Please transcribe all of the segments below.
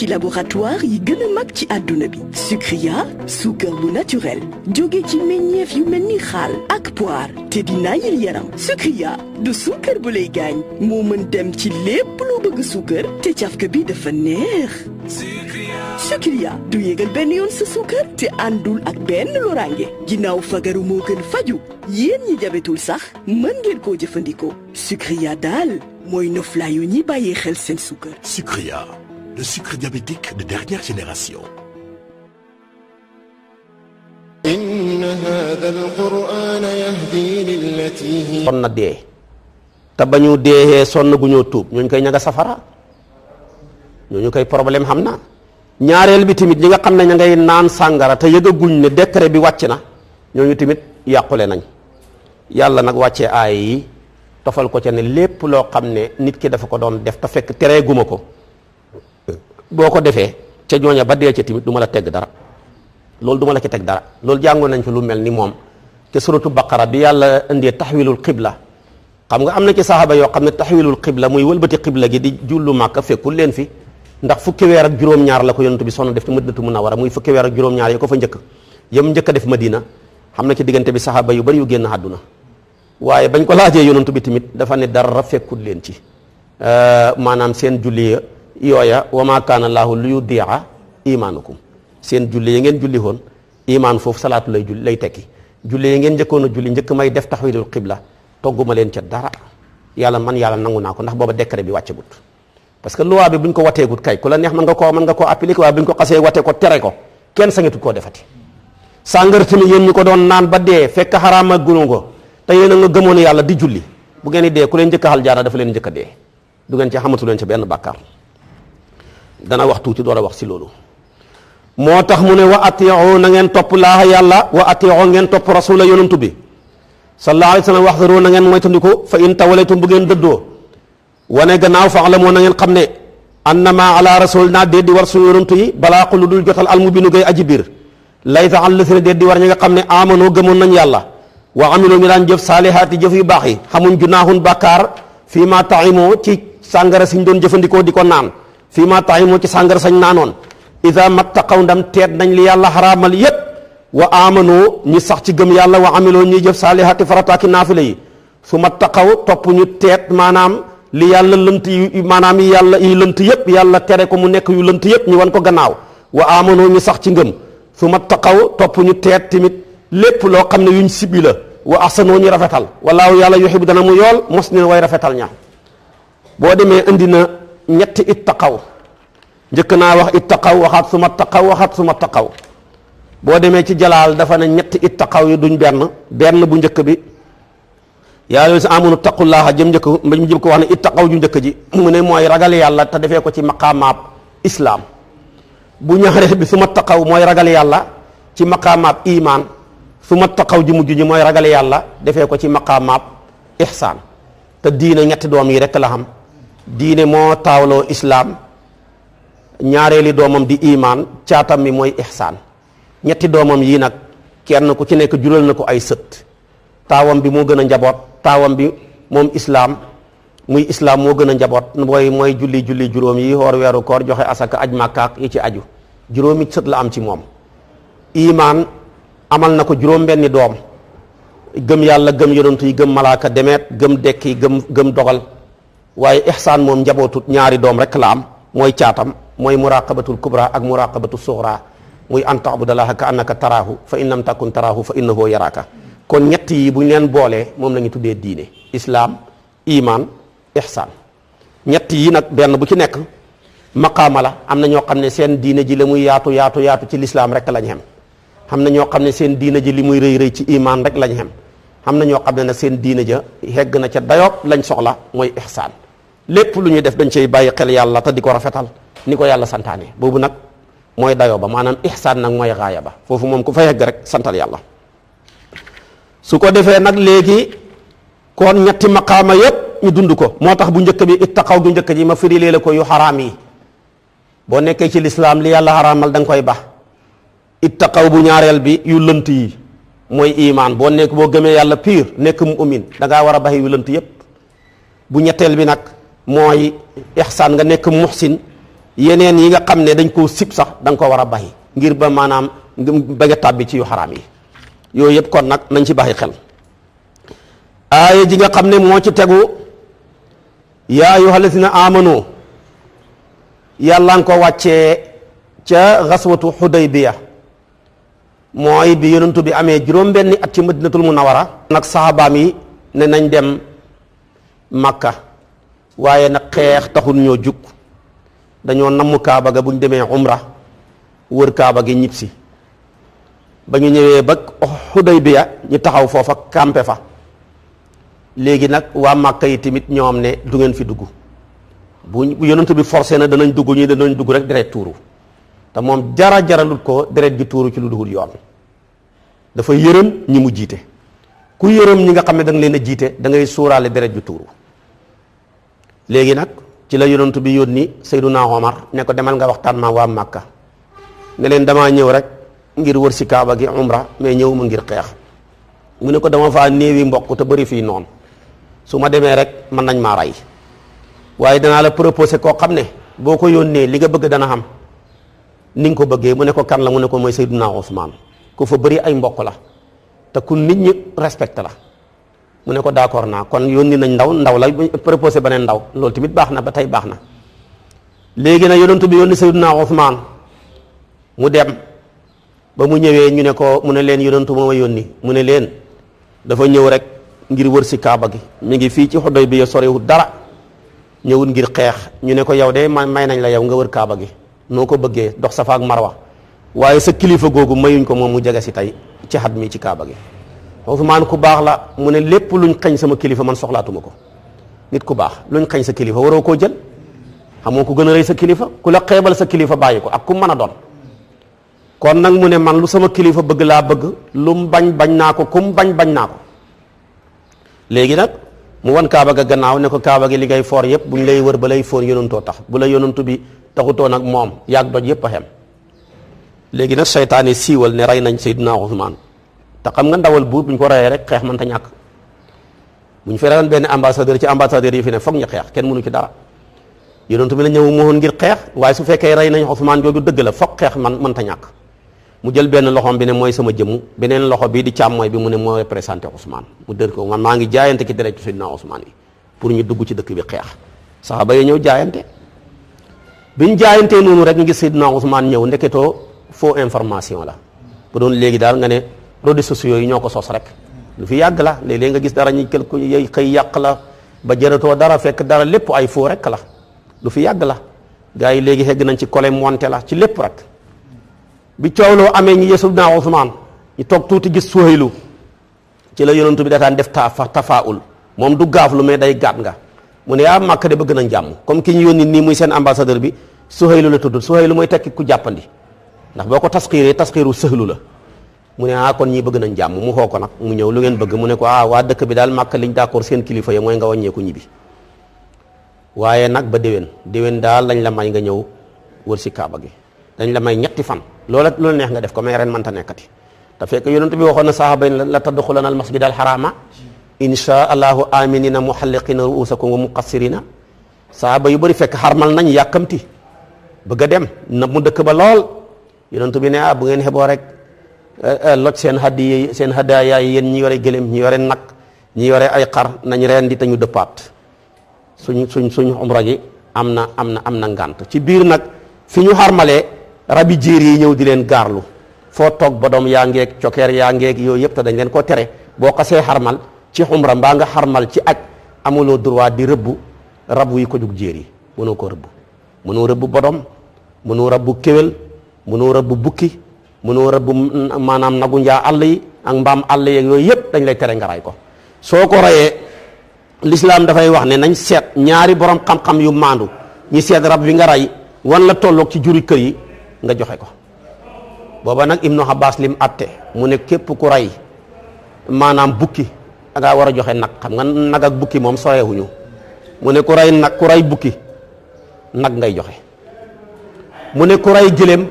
ci laboratoire yi gën a mag ci àdduna bi sucria suukar bu naturel jóge ci meññeef yu mel ni xaal ak poire te di naayil yaram sucria du suukar bu lay gaañ moo mën dem ci lépp loo bëgg suukar te cafka bi dafa neex sucria du yégal benn yoon sa suukar te àndul ak benn loraange ginnaaw fagaru moo gën faju yéen ñi jabetul sax mën ngeen koo jëfandikoo sucria daal mooy noflaayu ñi bàyyee xel seen suukar sucria le sucre diabétique de dernière génération. sonn na dee te ba dee sonn gu ñoo tuub ñooñu koy ñaga safara ñooñu koy problème xam na ñaareel bi tamit ñi nga xam ne ña ngay naan sàngara te yëgaguñ ne décret bi wàcc na ñooñu tamit yàqule nañ yàlla nag wàcce aay yi ko ca ne lépp loo xam ne nit ki dafa ko doon def te fekk teree guma ko boo ko defee ca ñooña ba dee ca tamit du la tegg dara loolu du ma la ci teg dara loolu jàngoon nañ fi lu mel ni moom te suratu baqara bi yàlla indee taxwilul xibla xam nga am na ci saxaaba yoo xam ne taxwilul xibla muy wëlbati xibla gi di jullu màkka fekkul leen fi ndax fukki weer ak juróom-ñaar la ko yontu bi sonn def ci madinatu munawara muy fukki weer ak ñaar ko fa njëkk yam njëkk a def madina xam na ci diggante bi saxaaba yu bari génn àdduna waaye bañ ko laajee yonent bi tamit dafa ne dara fekkul leen ci euh, maanaam seen julli yooya wa maa kaana laahu li yudiia ko seen julli ya ngeen julli woon imaan foofu salaatu lay julli lay tekki julli ya njëkkoon a julli njëkk may def tax taxwilul qibla togguma leen ca dara yàlla man yàlla nangu naa ko ndax booba décret bi wàccagut parce que loi bi buñ ko wateegut kay ku la neex mën nga ko mën nga ko koo appliquer waaye buñ ko xasee watee ko tere ko kenn sañatu koo defati sàngar tamit yéen ñu ko doon naan ba dee fekk xaraama gunu ko te yéen a nga gëmoon yàlla di julli bu ngeen dee ku leen njëkk a xal jaara leen njëkk a dee ngeen ci xamatu leen ci benn bàkkaar dana wax tuuti door a wax si loolu moo tax mu ne wa atiiu na ngeen topp laaha yàlla wa atiiu ngeen topp rasula yonantu bi sallallahu alayhi wa sallam waxdaru na ngeen moytandiku fa in tawalaytum bu ngeen dëddoo wane gannaaw faalamoo na ngeen xam ne annama ala rasul naa déet di war suñu yonantu yi balaa xulu dul jotal almubinu gay aji biir laysa an lasina déet di war ñi nga xam ne amanoo gëmoon nañ yàlla wa amiloo ñu daan jëf di jëf yu baax yi xamuñ junaahun bàkkaar fii ma taimoo ci sàngara ñu doon jëfandikoo di ko naan fii maa tax yi moo ci sàngara sañ naanoon ida mattaqaw ndam teet nañ li yàlla xaraamal yépp wa amanoo ñi sax ci gëm yàlla wa amiloo ñuy jëf saalihaati farataaki naafila yi su mattaqaw topp ñu teet maanaam li yàlla lënt yi maanaam yi yàlla yi lënt yépp yàlla tere ko mu nekk yu lënt yépp ñu wan ko gannaaw wa amanoo ñu sax ci ngëm su mattaqaw topp ñu teet tamit lépp loo xam ne yuñ sibi la wa ahsanoo ñu rafetal walaahu yàlla yuxibu dana mu yool mos nin way rafetal ña boo demee indi ñetti ittaqaw njëkk naa wax it ittaqaw waxaat suma taqaw waxaat suma taqaw boo demee ci jalaal dafa ne ñetti it ittaqaw yi duñ benn benn bu njëkk bi yaa yooyu si amunu taqullaaha jëm njëkk mu jëm ko wax ne ittaqaw ju njëkk ji mu mooy ragal yàlla te defee ko ci maqaamaab islaam bu ñaareel bi suma taqaw mooy ragal yàlla ci maqaamaab imaan suma taqaw ji mujj ji mooy ragal yàlla defee ko ci maqaamaab ihsaan te diina ñetti doom yi rek la xam diine moo taawloo islaam ñaareeli doomam di imaan caatam mi mooy ihsaan ñetti doomam yii nag kenn ku ci nekk jural na ko ay sët taawam bi moo gën a njaboot taawam bi moom islaam muy islaam moo gën a njaboot mooy mooy julli julli juróom yi xoor weeru koor joxe asaka aj màkkaak yi ci aju juróomi sët la am ci moom imaan amal na ko juróom benni doom gëm yàlla gëm yonent yi gëm malaaka demeet gëm dekki gëm gëm dogal waaye ihsaan moom njabootu ñaari doom rek la am mooy caatam mooy muraqabatul kubra ak muraqabatu suxra muy an taabudalaha ka annaka taraahu fa in lam takun taraahu fa innahu yaraaka kon ñett yi bu ñu leen boolee moom la ñu tuddee diine islaam iman ihsaan ñett yi nag benn bu ci nekk maqaama la am na ñoo xam ne seen diine ji la muy yaatu yaatu yaatu ci lislaam rek lañ xem xam na ñoo xam ne seen diine ji li muy rëy rëy ci iman rek lañ xem am na ñoo xam ne nag seen diina ja hegg na ca dayoob lañ soxla mooy ihsaan lépp lu ñuy def dañ cey bàyyi xel yàlla te di ko rafetal ni ko yàlla santaane boobu nag mooy dayoo ba maanaam ihsaan nag mooy gaaya ba foofu moom ku fa hegg rek santal yàlla su ko defee nag léegi kon ñetti maqaama yëpp ñu dund ko moo tax bu njëkk bi ittaqaw gu njëkk ji ma firi lee la ko yu xaraam yi boo nekkee ci lislaam li yàlla xaraamal da koy ba ittaqaw bu ñaareel bi yu lënt yi mooy imaan boo nekk boo gëmee yàlla piir nekk mu'min da ngaa war a baxi wilant yépp bu ñetteel bi nag mooy ixsaan nga nekk muhsin yeneen yi nga xam ne dañ koo sib sax danga koo war a baxi ngir ba maanaam bëgg a tàbbi ci yu xaraam yi yooyu yëpp kon nag nañ ci baxi xel aaya ji nga xam ne moo ci tegu yaa ayyuhal lazina amanu yàlla nga ko wàcce ca xaswatu xudaybiya mooy bi yonentu bi amee juróom-benni at ci madinatul munawara nag saabaam yi ne nañ dem makka waaye nag xeex taxul ñoo jug dañoo namm kaaba ga bu ñu demee umra wër kaaba gi ñib ba ñu ñëwee ba Xudaybiya ñu taxaw foofa kàmpe fa léegi nag waa màkka yi tamit ñoom ne du ngeen fi dugg bu yonentu bi forcé na danañ dugg ñi danañ dugg rek deret tuuru te moom jara jaralut ko deret gi tuuru ci lu duhul yoon dafa yërëm ñi mu jiite ku yërëm ñi nga xam ne da leen a jiite da ngay suuraale deret ju tuuru léegi nag ci la yonent bi yónni naa Omar ne ko demal nga waxtaan ma waa Màkka ne leen damaa ñëw rek ngir wër si Kaaba gi umra mais ñëw ma ngir xeex mu ne ko dama faa néewi mbokk te bari fii noonu su ma demee rek mën nañ maa rey waaye danaa la proposé koo xam ne boo ko yónnee li nga bëgg dana xam ni nga ko bëggee mu ne ko kan la mu ne ko mooy Seydina maan ko fa bëri ay mbokk la te ku nit ñi respecté la mu ne ko d'accord naa kon yónni nañ ndaw ndaw la proposé beneen ndaw loolu tamit baax na ba tey baax na léegi nag yonent bi yónni Seydina Ousmane mu dem ba mu ñëwee ñu ne ko mu ne leen yonent moo ma yónni mu ne leen dafa ñëw rek ngir wër si kaaba gi mi ngi fii ci Xudaybiya soriwul dara ñëwul ngir xeex ñu ne ko yow de may nañ la yow nga wër kaaba gi noo ko bëggee dox safa ak marwa waaye sa kilifa googu mayuñ ko moom mu jege si tey ci xat mi ci kaaba gi Usmaan ku baax la mu ne lépp luñ xañ sama kilifa man soxlaatuma ko nit ku baax luñ xañ sa kilifa waroo koo jël xamoo ko gën a rëy sa kilifa ku la xeebal sa kilifa bàyyi ko ak ku mën a doon kon nag mu ne man lu sama kilifa bëgg laa bëgg lu mu bañ bañ naa ko ku mu bañ bañ naa ko léegi nag mu wan kaaba ga gannaaw ne ko kaaba gi li ngay foor y bu ñu lay wër ba lay foon tax bu la taxutoo nag moom yàgg doj yëpp a xem léegi nag seytaane siiwal ne rey nañ Seydina Ousmane te xam nga ndawal buur bu ñu ko reyee rek xeex mën ta ñàkk bu ñu fi reyoon benn fi ne foog ñu xeex kenn mënu ci dara yonent bi ñëw moowoon ngir xeex waaye su fekkee rey nañ Ousmane jooju dëgg la foog xeex man mën ta ñàkk mu jël benn loxoom bi ne mooy sama jëmm beneen loxo bi di càmmooy bi mu ne moo représenté Ousmane mu dër ko man maa ngi jaayante ci deretu Seydina Ousmane yi pour ñu dugg ci dëkk bi xeex saxaaba yi ñëw jaayante biñ jaayantee noonu rek ngir Seydina Ousmane ñëw ndeketoo foo information la bu doon léegi daal nga ne réseaux sociaux yi ñoo ko sos rek lu fi yàgg la léeg nga gis dara ñu quelque yoy yàq la ba jëratoo dara fekk dara lépp ay faux rek la lu fi yàgg la gaa yi léegi xegg nañ ci kole monté la ci lépp rek bi coow loo amee ñu yesul naa Ousmane ñu toog tuuti gis Suhaylu ci la yonentu bi dataan def tafa tafaul moom du lu mais day gaat nga mu ne yaa màkk de bëgg nañ jàmm comme ki ñu yónni nii muy seen ambassadeur bi Suhaylu la tudd Suhaylu mooy tekki ku jàppandi ndax boo ko tasxiiree tasxiiru sëhlu la mu ne ah kon ñii bëgg nañ jàmm mu xoo ko nag mu ñëw lu ngeen bëgg mu ne ko ah waa dëkk bi daal màkk liñ d'accord seen kilifa ya mooy nga wàññeeku ñibbi waaye nag ba déwén déwén daal lañ la may nga ñëw wër si kaaba gi dañ la may ñetti fan loola loolu neex nga def ko mais ren man ta te fekk yonent bi waxoon na sahaaba yi la tadxulanna insha allahu aminina muhalliqina ruusakum wa muqassirina yu bëri fekk xarmal nañ yàkkamti bëgg a dem na mu dëkk ba lool yonent bi ne ah bu ngeen xeboo rek eh, eh, loj seen hadiya seen hadaaya yi yéen ñi yore gëléem ñi yore nag ñi yore ay xar nañ reen di te ñu dëppaat suñ suñ suñ umra gi am na am na am na ci biir nag fi ñu xarmalee rabi jiir yi ñëw di leen gaarlu foo toog ba doom yaa ngeeg cokeer yaa ngeek yooyu yëpp te dañ leen ko tere boo xasee xarmal ci xumra mbaa nga xarmal ci ak amuloo droit di rëbbu rab yi ko jug jéer yi mënoo ko rëbb mënoo rëbb bodom mënoo rëbb kéwél mënoo rëbb bukki mënoo rëbb maanaam nagu njaa àll yi ak mbaam àll yeeg yooyu yëpp dañ lay tere nga ray ko soo ko rayee lislaam dafay wax ne nañ seet ñaari borom xam-xam yu maandu ñi seet rab wi nga ray wan la tolloog ci juri kër yi nga joxe ko booba nag ibnu Abbas lim atte mu ne képp ku ray maanaam bukki da war a joxe nag xam nga nag ak bukki moom sorewuñu mu ne ku ray nag ku rey bukki nag ngay joxe mu ne ku rey gëléem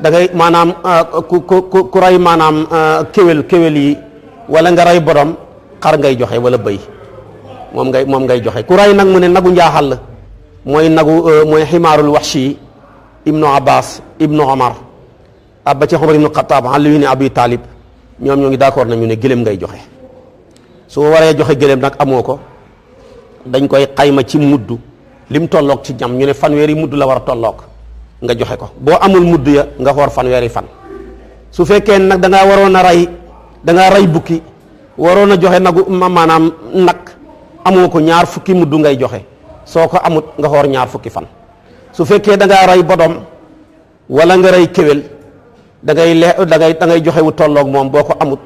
da ngay maanaam euh, ku ku ku rey maanaam euh, kéwél kéwél yi wala nga rey borom xar ngay joxe wala bëy moom ngay moom ngay joxe ku rey nag mu ne nagu njaaxal la mooy nagu euh, mooy ximaarul waxshi ibnu abbas ibnu omar abba ci omar ibnu xataab ali ibnu abi taalib ñoom ñoo ngi na ñu ne gëléem ngay joxe soo waree joxe gëléem nag amoo ko dañ koy xayma ci mudd lim tolloog ci ñam ñu ne fanweeri mudd la war a tolloog nga joxe ko boo amul mudd ya nga xoor fanweeri fan su fekkee nag da waroon a rey da ngaa rey bukki waroon a joxe nagu maanaam nag amoo ko ñaar fukki mudd ngay joxe soo ko amut nga xoor ñaar fukki fan su fekkee da ngaa rey bodom wala nga rey kéwél dangay ngay le da ngay da ngay moom boo ko amut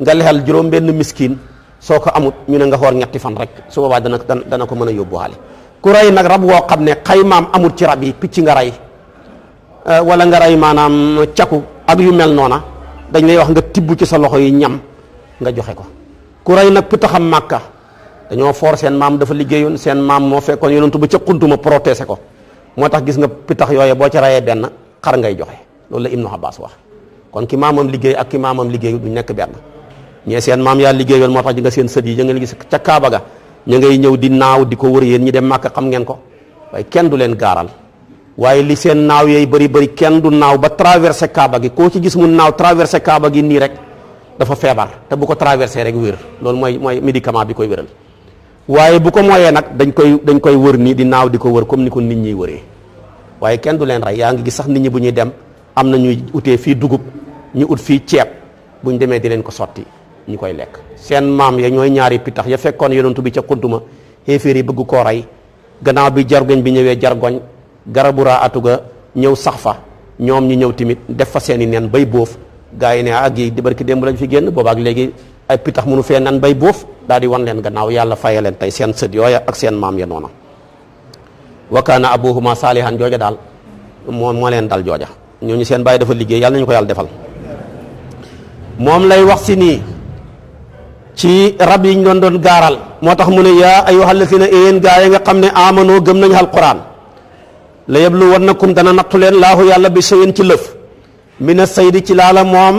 nga lexal juróom benn miskin soo ko amut ñu ne nga xoor ñetti fan rek su boobaa dana dana ko mën a yóbbuwaale ku rey nag rab woo xam ne xay maam amut ci rab yi picc nga rey euh, wala nga rey maanaam caku ak yu mel noona dañ lay wax nga tibb ci sa loxo yi ñam nga joxe ko ku rey nag pitaxam màkka dañoo foor seen maam dafa liggéeyoon seen maam moo fekkoon yonentu ba ca xuntuma protéger ko moo tax gis nga pitax yooye boo ci rayee benn xar ngay joxe loolu la Ibnu Abbas wax kon ki maamam liggéey ak ki maamam liggéeyu du nekk benn ñee seen maam yaa liggéeyal moo tax nga seen sët yi ñu ngi gis ca Kaaba ga ñu ngay ñëw di naaw di ko wër yéen ñu dem màkk xam ngeen ko kenn du leen gaaral waaye li seen naaw yooyu bëri bëri kenn du naaw ba traversé Kaaba gi koo ci gis mu naaw traversé Kaaba gi nii rek dafa feebar te bu ko traversé rek wér loolu mooy mooy médicament bi koy wéral waaye bu ko mooyee nag dañ koy dañ koy wër nii di naaw di ko wër comme ni ko nit ñiy wëree waaye kenn du leen rey yaa ngi gis sax nit ñi bu ñuy dem am na ñuy utee fii dugub ñu ut fii ceeb bu ñu demee di leen ko sotti ñu koy lekk seen maam ya ñooy ñaari pitax ya fekkoon yonentu bi ca kuntuma xéeféer yi bëgg koo rey gannaaw bi jargoñ bi ñëwee jargoñ garabu raa atuga ñëw sax fa ñoom ñu ñëw tamit def fa seen i nen bay bóof gaa yi ne ak ah, yi dibarki démb lañ fi génn ak léegi ay pitax munu fee nan bay bóof daal di wan leen gannaaw yàlla faye leen tey seen sët yooya ak seen maam ya noona wa kaana abuhuma saalihan jooja daal moo moo leen dal jooja ñooñu seen bàyyi dafa liggéey yàlla nañu ko yàlla defal ci rab yi ñu doon doon gaaral moo tax mu ne yaa ayyuhal lazina yéen gaa yi nga xam ne amano gëm nañu alquran la yabluwannakum dana nattu leen laahu yàlla bi shay'in ci lëf ne saydi ci laala moom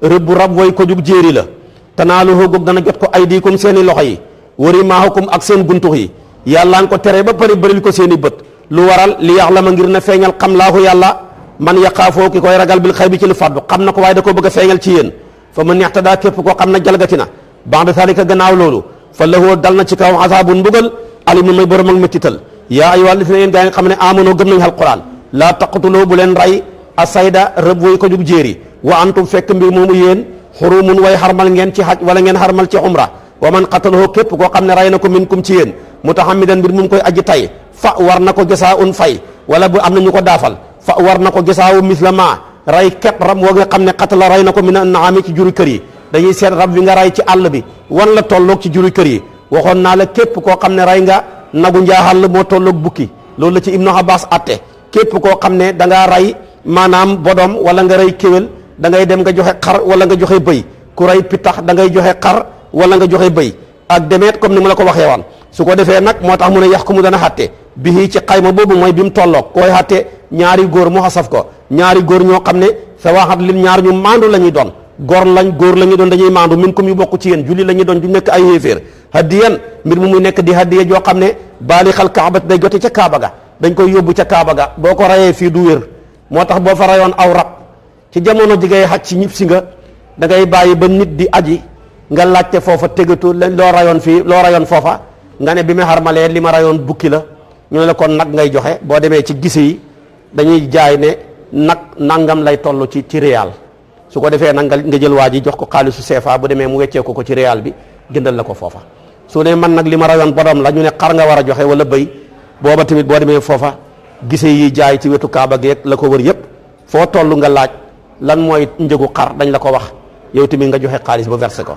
rëbbu rab way ko jug jéeri la naa tanaaluhu goog dana jot ko aydikum seeni loxo yi wari maahukum ak seen guntux yi yàllaan ko tere ba pare bëril ko seeni bët lu waral li la ma ngir na feeñal xam laahu yàlla man yaqaafoo ki koy ragal bil xaybi ci lu na ko waaye da koo bëgg a ci yéen fa man yaxtadaa képp koo xam ne jalgati na ba'da zalika gannaaw loolu fa lahu dal na ci kawam azaabun mbugal alimun mooy borom ak méttital yaa ayyuhal lazina yéen gaa nga xam ne aamanu gëm nañu alquran laa taqtuloo bu leen rey asayda rëbb way ko jug jéeri wa antum fekk mbir moomu yéen xurumun way xarmal ngeen ci xaj wala ngeen xarmal ci umra wa man qatalahu képp koo xam ne rey na ko minkum ci yéen mutahammidan mbir mu koy aji tay fa war na ko gisaa un fay wala bu am na ñu ko daafal fa war na ko gisaawu misla ma rey képp ram woo nga xam ne qatala rey na ko min an'aami ci juri kër yi dañuy seet rab wi nga ray ci àll bi wan la tolloog ci juri kër yi waxoon naa la képp koo xam ne rey nga nagu njaaxal moo tollook bukki loolu la ci Ibnu Abbas atte képp koo xam ne da ngaa ray maanaam bodom wala nga rey kéwél dangay dem nga joxe xar wala nga joxe bëy ku rey pitax da ngay joxe xar wala nga joxe bëy ak demeet comme ni mu la ko waxee waan su ko defee nag moo tax mu ne yax ku mu dana bi bii ci xayma boobu mooy bi mu tolloog koy xatte ñaari góor mu xasaf ko ñaari góor ñoo xam ne sa waxat lim ñaar ñu maandu la ñuy doon gor lañ góor la ñu doon dañuy maandu min kum yu bokk ci yéen julli la ñu doon du nekk ay yéeféer hadiyan mbir mu muy nekk di hadiya joo xam ne baalixal kaabati day jote ca kaaba ga dañ koy yóbbu ca kaaba ga boo ko rayee fii du wér moo tax boo fa rayoon aw rab ci jamono ji ngay ci ñib si nga da ngay bàyyi ba nit di aji nga laajte foofa tegatu loo rayoon fii loo rayoon foofa nga ne bi ma xarmalee li ma rayoon bukki la ñu ne la kon nag ngay joxe boo demee ci gise dañuy jaay ne nag nangam lay toll ci ci réal su ko defee nag nga jël waa ji jox ko xaalisu CFA bu demee mu weccee ko ko ci réal bi jëndal la ko foofa su ne man nag li ma rayoon borom la ñu ne xar nga war a joxe wala bëy booba tamit boo demee foofa gise yi jaay ci wetu kaaba geeg la ko war yépp foo toll nga laaj lan mooy njëgu xar dañ la ko wax yow tamit nga joxe xaalis ba versé ko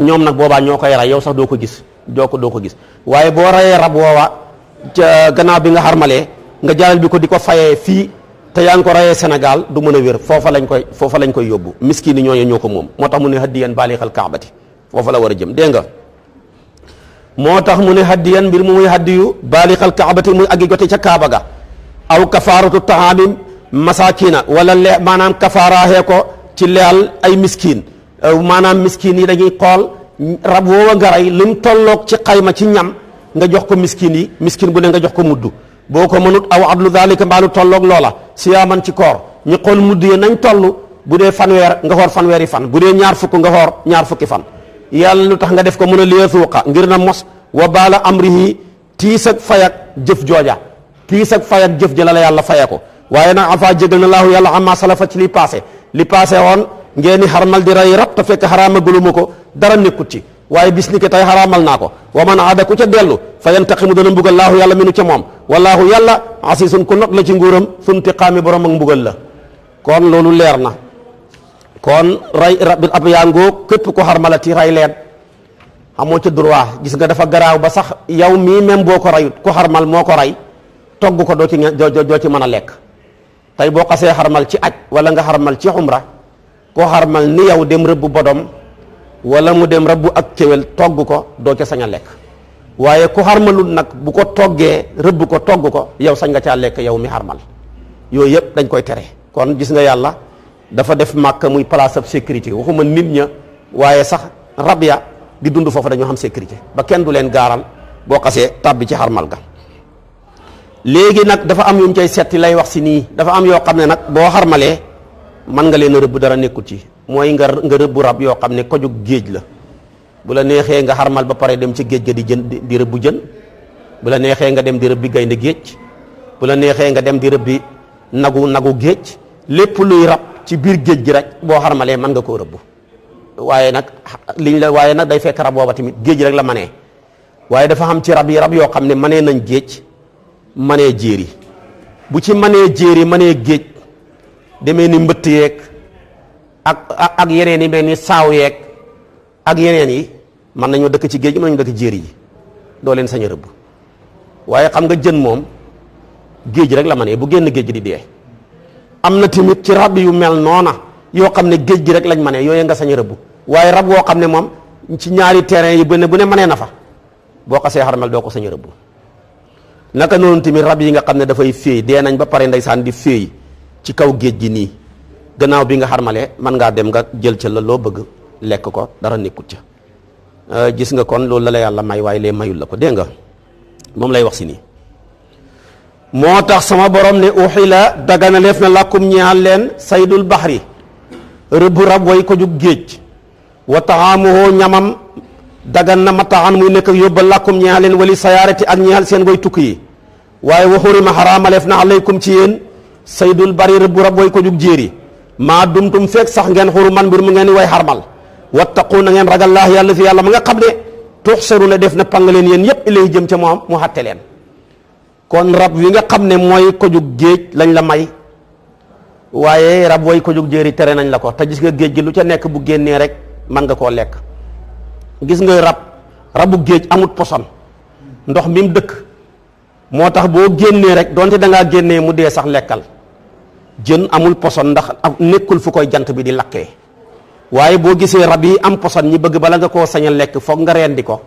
ñoom nag boobaa ñoo koy ray yow sax doo ko gis doo ko doo ko gis waaye boo rayee rab woowa gannaaw bi nga xarmalee nga jaalal bi ko di ko fayee fii te yaa ngi ko rayee Sénégal du mën a wér foofa lañ koy foofa lañ koy yóbbu miskin yi ñooñu ñoo ko moom moo tax mu ne hadiyan baalixal kaabati foofa la war a jëm dégg nga moo tax mu ne hadiyan mbir mu muy hadiyu baalixal kaabati muy aggi jote ca kaaba ga aw kafaaratu tahaami masakina wala le maanaam kafaaraaxee ko ci leyal ay miskin maanaam miskin yi dañuy xool rab woowa nga rey lim tolloog ci xayma ci ñam nga jox ko miskin yi miskin bu ne nga jox ko muddu boo ko mënut aw adlu daalika mbaalu tolloog loola siyaaman ci koor ñu xool mudd yi nañ toll bu dee fanweer nga xoor fanweeri fan bu dee ñaar fukk nga xoor ñaar fukki fan yàlla lu tax nga def ko mën a liyasuuqa ngir na mos wa baala amrihi tiis ak fayak jëf jooja tiis ak fayak jëf jëla la yàlla faya ko waaye nag afa jégal na laahu yàlla am amma salafa ci li passé li passé woon ngeen ni xarmal di rey rab te fekk xaraama guluma ko dara nekkut ci waaye bis ni ki tey xaraamal naa ko wa man aada ku ca dellu fa yantaqimu dana mbugal laahu yàlla minu ca moom wallahu yàlla asisun ku not la ci nguuram suntiqaami borom ak mbugal la kon loolu leer na kon ray rabit ab yaa ngoo képp ko ti ray leen amoo ca droit gis nga dafa garaaw ba sax yow mii même boo ko rayut ku xarmal moo ko ray togg ko doo ci doo ci mën a lekk tey boo xasee xarmal ci aj wala nga xarmal ci xumra ko xa ni yow dem rëbb bodom wala mu dem rabbu ak kéwél togg ko doo ca sañ a lekk waaye ku xarmalul nag bu ko toggee rëbb ko togg ko yow sañ nga caa lekk yow mi xarmal yooyu yëpp dañ koy tere kon gis nga yàlla dafa def màkk muy place ab sécurité waxuma nit ña waaye sax rab ya di dund foofu dañoo xam sécurité ba kenn du leen gaaral boo xasee tàbbi ci xarmal ga léegi nag dafa am yum cay setti lay wax si nii dafa am yoo xam ne nag boo xarmalee mën nga leen a rëbb dara nekkut ci mooy nga nga rëbb rab yoo xam ne kojug géej la bu la neexee nga xarmal ba pare dem ci géej ga di jën di rëbb jën bu la neexee nga dem di rëbbi gaynde géej bu la neexee nga dem di rëbbi nagu nagu géej lépp luy rab ci biir géej gi rek boo xarmalee mën nga koo rëbb waaye nag liñ la waaye nag day fekk rab booba tamit géej rek la manee waaye dafa xam ci rab yi rab yoo xam ne manee nañ géej manee jéeri bu ci manee jéeri manee géej demee ni mbëtt yeek ak ak yeneen yi mel ni saaw yeeg ak yeneen yi mën nañoo dëkk ci géej gi mën nañoo dëkk jéeri yi doo leen sañ a rëbb waaye xam nga jën moom géej rek la ma ne bu génn géej di dee am na tamit ci rab yu mel noona yoo xam ne géej gi rek lañ manee yooye nga sañ a rëbb waaye rab woo xam ne moom ci ñaari terrain yi bu ne bu ne manee na fa boo xasee xarmel doo ko sañ a rëbb naka noonu tamit rab yi nga xam ne dafay féey dee nañ ba pare saan di féey ci kaw géej gi nii gannaaw bi nga xarmalee man ngaa dem nga jël ca la loo bëgg lekk ko dara nekkut ca euh, gis nga kon loolu la la yàlla may waaye lee mayul la ko dégg nga moom lay wax si nii moo tax sama borom ne uxila daganaleef na làkkum ñeexal leen saydul baxri rëbbu rab way ko jug géej wa taxaamuhoo ñamam dagan na mataxan muy nekk yóbbal làkkum ñeexal leen wali sayaarati ak ñeexal seen way tukki yi waaye wa xurima xaraamaleef na alaykum ci yéen saydun bari bu rab way ko jug jéeri maa dumtum fekk sax ngeen xuru man mbir mu ngeen way xarmal wattaqu na ngeen ragal laax yàlla fi yàlla ma nga xam ne tuxsaru na def na pang leen yéen yëpp ilay jëm ca moom mu xatte leen kon rab wi nga xam ne mooy ko géej lañ la may waaye rab way ko jug jéeri tere nañ la ko te gis nga géej gi lu ca nekk bu génnee rek man nga koo lekk gis nga rab rabu géej amut poson ndox mi dëkk moo tax boo génnee rek donte da ngaa génnee mu dee sax lekkal jën amul poson ndax nekkul fu koy jant bi di lakkee waaye boo gisee rab yi am poson ñi bëgg bala nga koo sañ lekk foog nga rendi ko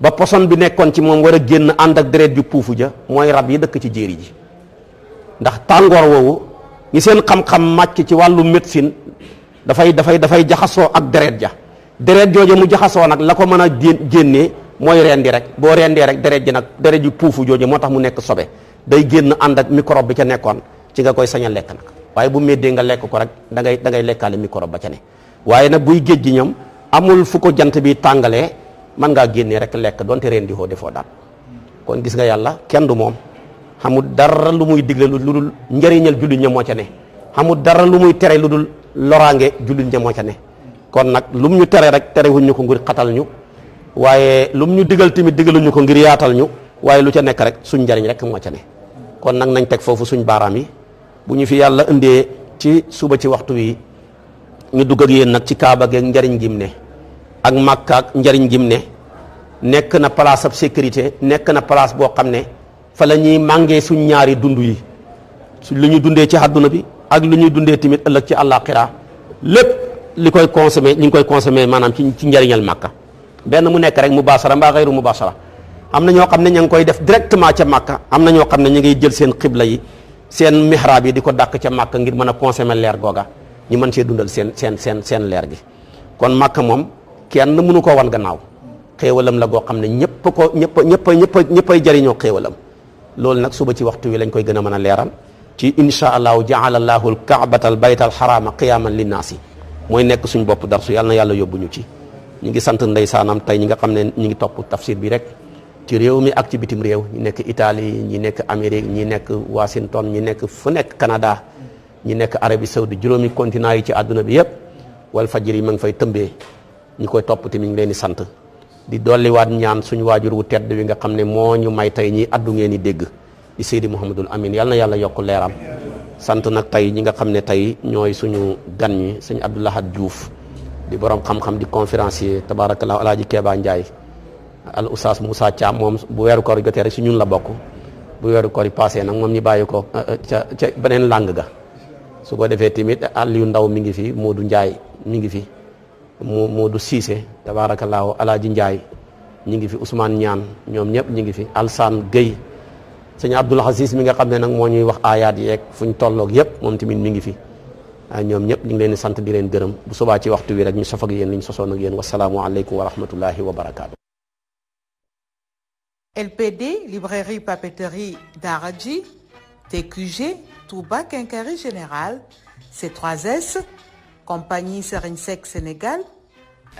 ba poson bi nekkoon ci moom war a génn ànd ak deret ju puufu ja mooy rab yi dëkk ci jéeri ji ndax tàngoor woowu ñi seen xam-xam màcc ci wàllu médecine dafay dafay dafay jaxasoo ak deret ja deret jooja mu jaxasoo nag la ko mën a génnee mooy rendi rek boo rendee rek deret bi nag deret ji puufu jooju moo tax mu nekk sobe day génn ànd ak microbe bi ca nekkoon ci nga koy sañ lekk nag waaye bu meddee nga lekk ko rek dangay dangay lekkaale microbe ba ca ne waaye nag buy géej gi ñoom amul fu ko jant bi tàngalee mën ngaa génnee rek lekk donte rendi hoo defoo daal kon gis nga yàlla kenn du moom xamul dara lu muy digle lu dul njëriñal jullit ña ca ne xamul dara lu muy tere lu dul loraange jullit ña ca ne kon nag lum ñu tere rek terewuñ ñu ko ngir xatal ñu waaye lum ñu digal tamit digaluñu ko ngir yaatal ñu waaye lu ca nekk rek suñ njariñ rek moo ca ne kon nag nañ teg foofu suñ baaraam yi bu ñu fi yàlla indee ci suba ci waxtu wi ñu dugg ak yéen nag ci kaaba geeg njariñ gim ne ak Makka ak njariñ gim ne nekk na place ab sécurité nekk na place boo xam ne fa la ñuy màngee suñ ñaari dund yi lu ñu dundee ci àdduna bi ak lu ñuy dundee tamit ëllëg ci àllaaxira lépp li koy consommé li ñu koy consommé maanaam ci ci njariñal Makka benn mu nekk rek mubaasara mbaa xayru mubaasara am na ñoo xam ne ña ngi koy def directement ca màkka am na ñoo xam ne ñu ngi jël seen xibla yi seen mihrab yi di ko dàq ca màkka ngir mën a consommer leer googa ñu mën see dundal seen seen seen leer gi kon màkka moom kenn mënu koo wan gannaaw xéewalam la goo xam ne ñëpp ko ñëpp ñëpp ñëpp ñëppay jëriñoo xéewalam loolu nag suba ci waxtu wi lañ koy gën a mën a leeral ci insha allahu jaala allahu alkaabata albayta alxaraama qiyaaman linnaasi mooy nekk suñ bopp darsu yàlla na yàlla yóbbu ñu ci ñi ngi sant ndeysaanam tey ñi nga xam ne ñi ngi topp tafsir bi rek ci réew mi ak ci bitim réew ñi nekk Italie ñi nekk Amérique ñi nekk Washington ñi nekk fu nekk Canada ñi nekk Arabie Saoudi juróomi continent yi ci àdduna bi yëpp wal fajir yi ma ngi fay tëmbee ñi koy topp te mi ngi leen di sant di dolliwaat ñaan suñu waajur wu tedd wi nga xam ne moo ñu may tey ñi addu ngeen di dégg di Seydi Mouhamadul Amin yal na yàlla yokk leeram sant nag tey ñi nga xam ne tey ñooy suñu gan ñi suñu Abdoulahad Diouf di borom xam-xam di conférencier tabaarakallaahu alaaji Keeba Ndiaye al oustaz Moussa Thiam moom bu weeru koor jotee rek si ñun la bokk bu weeru koor yi passé nag moom ñu bàyyi ko eh, eh, ca ca beneen làng ga su ko defee tamit àll yu ndaw mi ngi fi Modou Ndiaye mi ngi fi mu Modou Cissé tabaarakallaahu alaaji Ndiaye ñi ngi fi Ousmane Ñaan ñoom ñëpp ñi ngi fi Alsaan Guèye sëñ Abdoul Aziz mi nga xam ne nag moo ñuy wax aayaat yeeg fu ñu tolloog yëpp moom tamit mi ngi fi Ah, ñoom ñëpp ñu ngi leen di sant di leen gërëm bu subaa ci wi rek ñu sof ak yéen li ñu sosoon ak yéen wasalaamualeykum wa rahmatullahi wa barakaatu. LPD librairie papeterie Daraji TQG Touba Quincaillerie Générale C3S compagnie Serigne Seck Sénégal.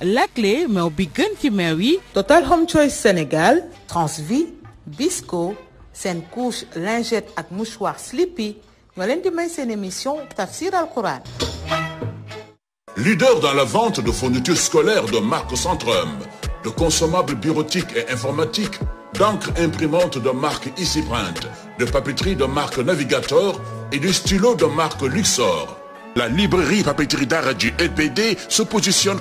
Laclé meew bi gën ci meew yi. Total Home Choice Sénégal. Transvi Bisco seen couche lingette ak mouchoir Sleepy. nga leen émission tafsir al quran leader dans la vente de fournitures scolaires de marque Centrum de consommables bureautiques et informatiques d'encre imprimante de marque Easyprint de papeterie de marque Navigator et de stylo de marque Luxor la librairie papeterie Daradji LPD se positionne